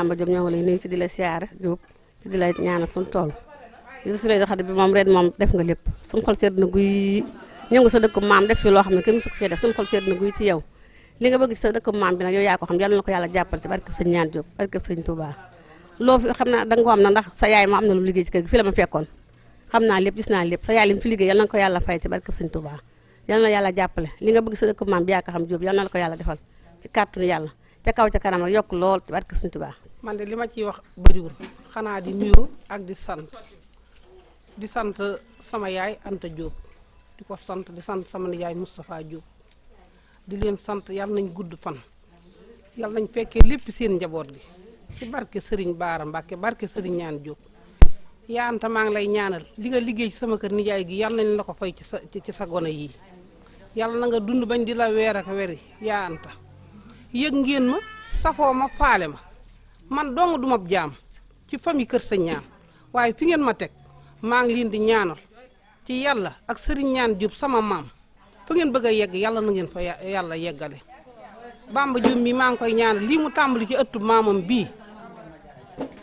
Bamba Diop ñoo ngi lay nuyu ci di la siyaare Diop ci di la ñaanal fu mu toll li si lay doxati bi moom ren moom def nga lépp suñu xol sedd na guy ci yow li nga bëgg sa dëkk maam bi yaa ko xam yàlla na na la ko yàlla fay ci barkeb sëñ yàlla ci kaw ca kanam rek yokk lool ci barke suñu Tuubaa man de li ma ciy wax bëriwul xanaa di nuyu ak di sant di sant sama yaay Anta Diop di ko sant di sant sama nijaay Moustapha Diop di leen sant yàlla nañ gudd fan yàlla nañ fekkee lépp seen njaboot gi ci barke Serigne Baara Mbacke barke Serigne ñaan Diop yaa Anta maa ngi lay ñaanal li nga liggéey ci sama kër nijaay gi yàlla nañ la ko fay ci sa ci sa gone yii yàlla na nga dund bañ di la weer ak weri yaa Anta yëg ngeen ma safoo ma faale ma. man dong du ma jaam ci famille Kër Sëñ Ñaan waaye fi ngeen ma teg maa ngi leen di ñaanal ci yàlla ak sëriñ ñaan Diop sama maam fa ngeen bëgg a yegg yàlla na ngeen fa yàlla yeggale. Bamba Diop mi maa ngi koy ñaanal lii mu tàmbali ci ëttu maamam bii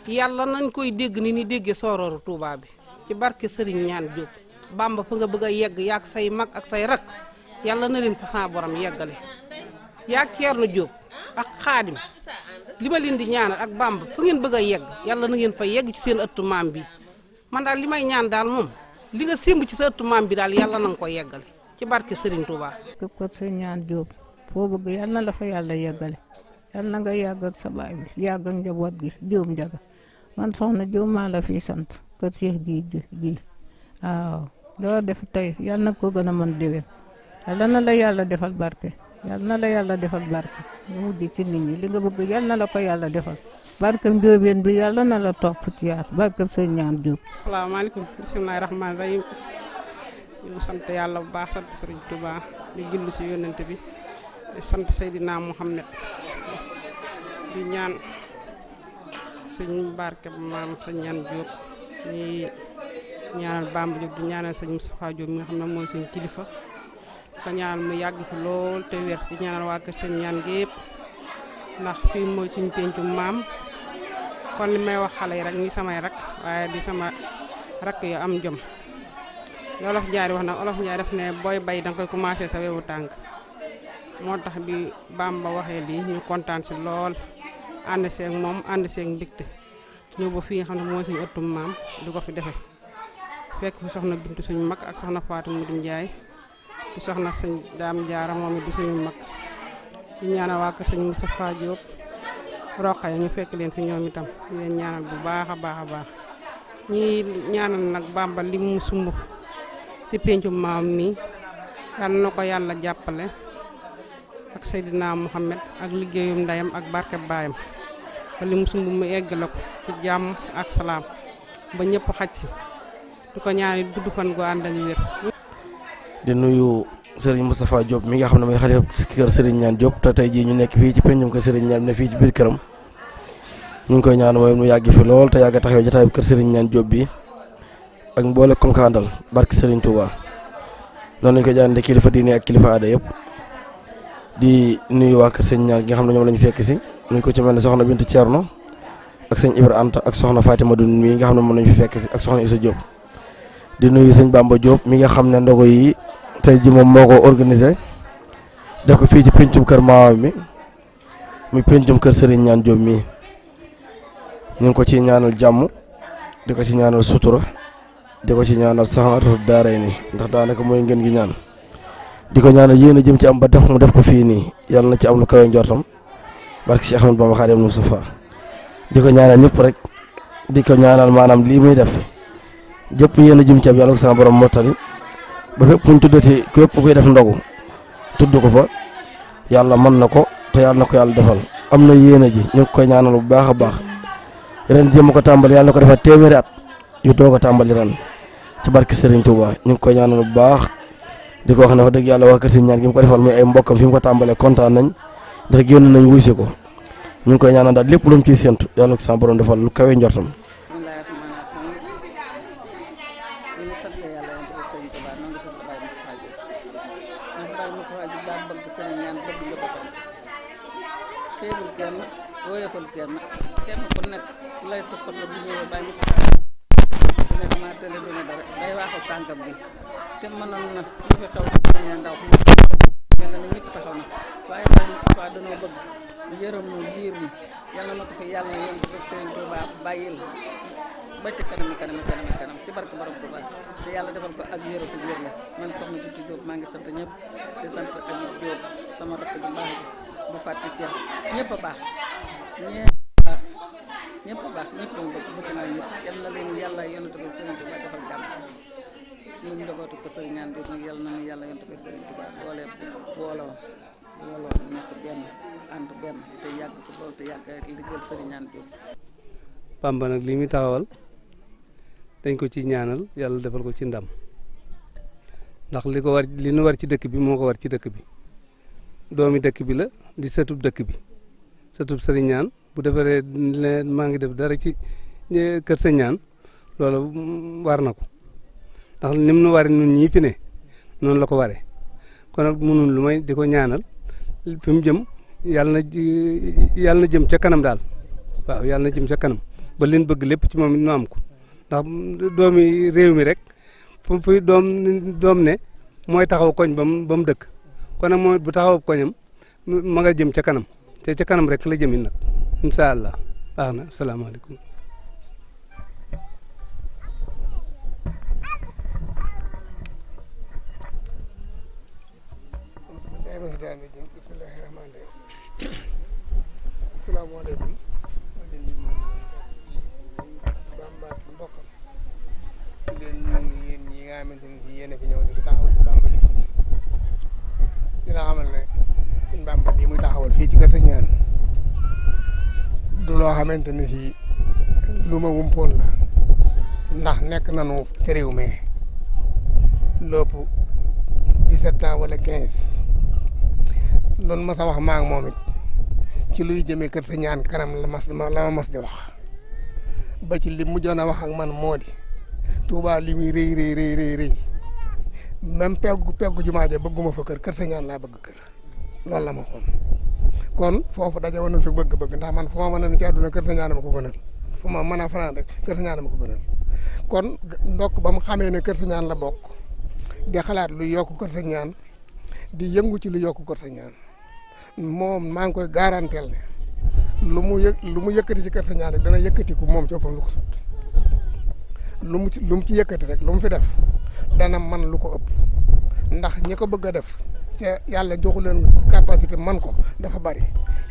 yàlla nañ koy dégg ni ni déggee soorooru Touba bi ci barke sëriñ ñaan Diop Bamba fa nga bëgg a yegg yaak say mag ak say rak yàlla na leen fa sa borom yeggale yaak Ceerno Diop ak Xaadim li ma leen di ñaanal ak bamb fu ngeen bëgg a yegg yàlla na ngeen fa yegg ci seen ëttu maam bi man daal li may ñaan daal moom li nga sémb ci sa ëttu maam bi daal yàlla na nga ko yeggale ci barke Serigne Touba. képp ko sa ñaan Diop foo bëgg na la fa yàlla yeggale yàlla na nga yàgg ak sa baay bi yàgg ak gi Diop njaga man soxna Diop maa la fiy sant kër Cheikh gi gi waaw loo def tey yàlla na ko gën a mën déwén yàlla na la yàlla defal barke. yal na la yàlla defal barke nga mujj ci nit ñi li nga bëgg yal na la ko yàlla defal barkam njóobeen bi yàlla na la toog ci yaat barkam sëñ ñaan Jóob. asalaamaaleykum bisimilah rahmaani rahiim ñu sant yàlla bu baax sant sëriñ Tuubaa di julli si yónnante bi di sant Seydina Muhammad di ñaan suñ barke maam sëñ ñaan Jóob ñuy ñaanal Bamba Jóob di ñaanal sëñ Moustapha Jóob mi nga xam ne mooy suñ kilifa. ko ñaanal mu yàgg fi lool te wér di ñaanal waa kër seen ñaan gépp ndax fii mooy suñu pencum maam kon li may wax xale yi rek ngi samay rak waaye di sama rakk yu am jom loolof njaari wax nag olof njaari def ne booy bay danga koy commencé sa wewu tànk moo tax bi baam ba waxee lii ñu kontaan si lool ànd seeg moom ànd seeg mbégte ñëw ba fii nga xam ne moo suñu ëttum maam di ko fi defe fekk fi soxna bind suñu mag ak soxna Fatou Moudou Ndiaye bu na sëñ daam jaara moom it di suñu mag di ñaanal waa kër sëñ Moustapha Diop roqaya ñu fekk leen fi ñoom itam leen ñaanal bu baax a baax a baax ñii ñaanal nag Bàmba li mu sumb ci péncu maam nii yal na ko yàlla jàppale ak Seydina Muhammad ak liggéeyum ndeyam ak barke baayam ba li mu sumb mu egg ko ci jàmm ak salaam ba ñëpp xaj si du ko ñaanal gudd fan gu ànd ak wér di nuyu sëriñ mustafaa Diop mi nga xam ne mooy xalifa kër Serigne Niane Diop te tey jii ñu nekk fii ci peñum ko Serigne Niane ne fii ci biir këram ñu ngi koy ñaan mooy mu yàgg fi lool te yàgg taxaw jotaay kër Serigne bi ak mboole comme que àndal barke Serigne Touba noonu lañ ko kilifa diine ak kilifa aada di nuyu waa kër Serigne Niane nga xam ne ñoom lañu fekk si ñu ko ci mel ne soxna Bintu Thierno ak sëñ Ibra Anta ak soxna Fatima Dun mi nga xam ne moom lañu fi fekk si ak soxna Issa Diop di nuyu sëñ Bamba Diop mi nga xam ne ndogo yi tey ji moo ko organisé def ko fii ci pincum kër maawa mi muy pencum kër sëriñ ñaan jom mii ñu ko ci ñaanal jàmm di ko ci ñaanal sutura di ko ci ñaanal saxaatu daaray ni ndax daanaka mooy ngeen gi ñaan di ko ñaanal yéen a jëm ci am ba def mu def ko fii nii yal na ci am lu kawe njortam barke Cheikh Ahmadou Bamba Khadimu Mustafa di ko ñaanal ñëpp rek di ko ñaanal maanaam lii muy def jëpp yéen a jëm ci am yàlla ko sama borom mottali ba fépp fu ñu tuddati képp kuy def ndogu tudd ko fa yàlla man na ko te yàlla na ko yàlla defal am na yéene ji ñu koy ñaanal bu baax a baax ren jéem ko tàmbali yàlla na ko defal téeméeri at yu doog a tàmbali ren ci barke Serigne Touba ñu ngi koy ñaanal bu baax di ko wax ne wax dëgg yàlla waa kër si ñaan gi mu ko defal muy ay mbokkam fi mu ko tàmbalee kontaan nañ ndax génn nañ wuy si ko ñu ngi koy ñaanal daal lépp lu mu ciy séntu yàlla na ko sama defal lu kawe njortam kenn kenn ku nekk lay sa soxla bu ñëwee bàyyi mu soxla dina dama tële dina dara day waaxal tànkam bi te mënoon na lu fi xew ne ndaw mel na ñëpp taxaw na waaye daal Moustapha danoo bëgg yërëm mu yiir mu yàlla na ko fi yàlla yéen ko Serigne Touba bàyyil ba ci kanami kanami kanami kanam ci barke borom Touba te yàlla defal ko ak yërëku wér la man soxna Bintu Diop maa ngi sant ñëpp di sant ak Diop sama rakk bu baax bi bu fàtte ceeb ñëpp a baax ñëpp baax ñëpp baax ñëpp a bëgg bëgg naa ñëpp yal na leen ko sëriñ ñaan bi nag nekk benn ànd benn te yàgg ko loolu te yàgg ak liggéeyal sëriñ ñaan bi li muy taxawal dañ ko ci ñaanal yàlla defal ko ci ndam ndax li ko war li nu war ci dëkk bi moo ko war ci dëkk bi doomi dëkk bi la di sëtub dëkk bi satub sëriñ bu defaree leen maa ngi def dara ci kër sëñ loolu war na ko ndax ni mu nu waree nun ñii fi ne noonu la ko waree kon nag mënun lu may di ko ñaanal fi mu jëm yàlla na yàlla jëm ca kanam daal waaw yàlla na jëm ca kanam ba leen bëgg lépp ci moom it nu am doomi réew mi rek fu fi doom ne mooy taxaw koñ ba mu ba mu dëkk kon nag bu taxaw koñam ma nga jëm ca kanam te ca kanam rek la jëmin nag incha allah baax na salaamaaleykum. bismillaahi ni yéen a loo xamante ne si lu ma wumpoon la ndax nekk nanu ci réew mi lépp dix-sept ans wala quinze loolu mas a wax maa ngi moom it luy jëmee kër sa ñaan kanam la mas ma mas di wax ba ci li mujjoon a man moo di Touba li muy rëy rëy rëy rëy rëy même bëgguma fa kër kër sa ñaan laa bëgg kër loolu la ma kon foofu daje woon nañ fi bëgg-bëgg ndax man fu ma mën a ko gënal fu ma a fanaan rek kër sa ma ko gënal kon ndokk ba mu xamee ne kër la bokk di xalaat lu yokk kër di yëngu ci lu yokk kër sa ñaan moom maa ngi koy garanteel ne lu mu yë lu mu yëkkati ci kër dana yëkkati ku moom ci ëppam lu ko sut lu mu ci lu ci yëkkati rek lu mu fi def dana man lu ko ëpp ndax ñi ko bëgg a def te yàlla joxu leen capacité man ko dafa bari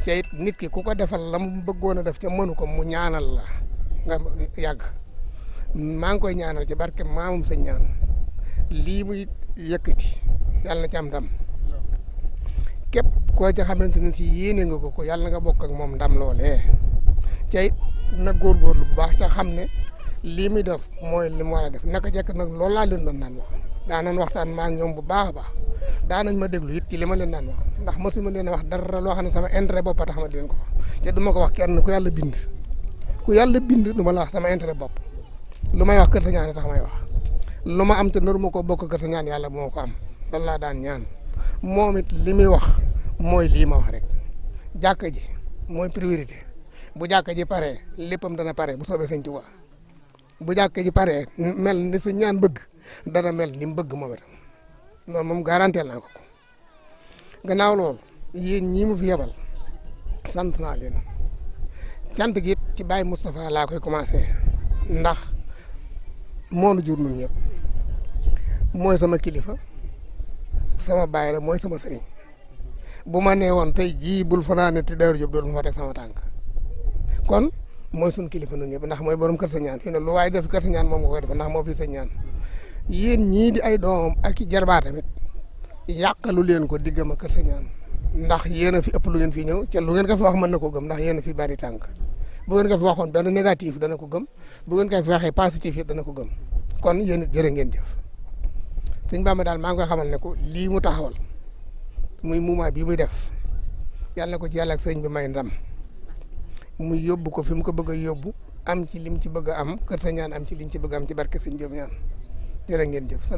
te nit ki ku ko defal la mu bëggoon a def te mënu ko mu ñaanal la nga yàgg maa ngi koy ñaanal ci barke maamum sa ñaan lii muy yëkkati yàlla na ci am ndam képp koo ca xamante ne si yéene nga ko ko yàlla nga bokk ak moom ndam loolee te it na góorgóorlu bu baax ca xam ne lii muy def mooy li mu war a def naka jekk nag loolu laa leen doon naan wax waxtaan maa ngi ñoom bu baax a baax daanañ ma déglu it ci li ma leen naan wax ndax mosuma leen a wax dara loo xam ne sama intérêt bopp tax ma di leen ko wax te du ko wax kenn ko yàlla bind ku yàlla la sama intérêt bopp lu may wax kër sa ñaan tax may wax lu ma am te nar ma koo bokk kër sa ñaan ko am loolu laa daan ñaan moom it li muy wax mooy lii ma wax rek jàkka ji mooy priorité bu jàkka ji paree léppam dana pare bu soobee sëñ Tuubaa bu jàkka ji paree mel ni sa ñaan bëgg dana mel ni mu bëgg moom itam loolu moom garante naa ko gannaaw loolu yéen ñii mu fi yebal sant naa leen cant gi it ci Baye Moustapha laa koy commencé ndax moonu jur ñun ñëpp mooy sama kilifa sama baay la mooy sama sëriñ bu ma nee woon tey jii bul fanaane te Daaru Jóob doon ma fa sama tànk kon mooy sunu kilifa ñun ñëpp ndax mooy borom kër sa ñaan fii ne lu waaye def kër sa ñaan moom nga koy def ndax moo fi sa ñaan. yéen ñii di ay doom ak i jarbaa tamit yàqalu leen ko diggam ak kër sa ñaan ndax yéen a fi ëpp lu ngeen fi ñëw te lu ngeen ko fi wax mën na ko gëm ndax yéen a fi bari tànk bu ngeen ko fi waxoon benn négatif dana ko gëm bu ngeen ko fi waxee dana ko gëm kon yéen it jërë ngeen jëf sëñ Bamba daal maa ngi koy xamal ne ko lii mu taxawal muy mouvement bii muy def yàlla ko ci yàlla sëñ bi may ndam mu yóbbu ko fi mu ko bëgg a yóbbu am ci lim ci bëgg am kër sa am ci liñ ci bëgg am ci barke sëñ Diop ñaan jërë ngeen jëf sant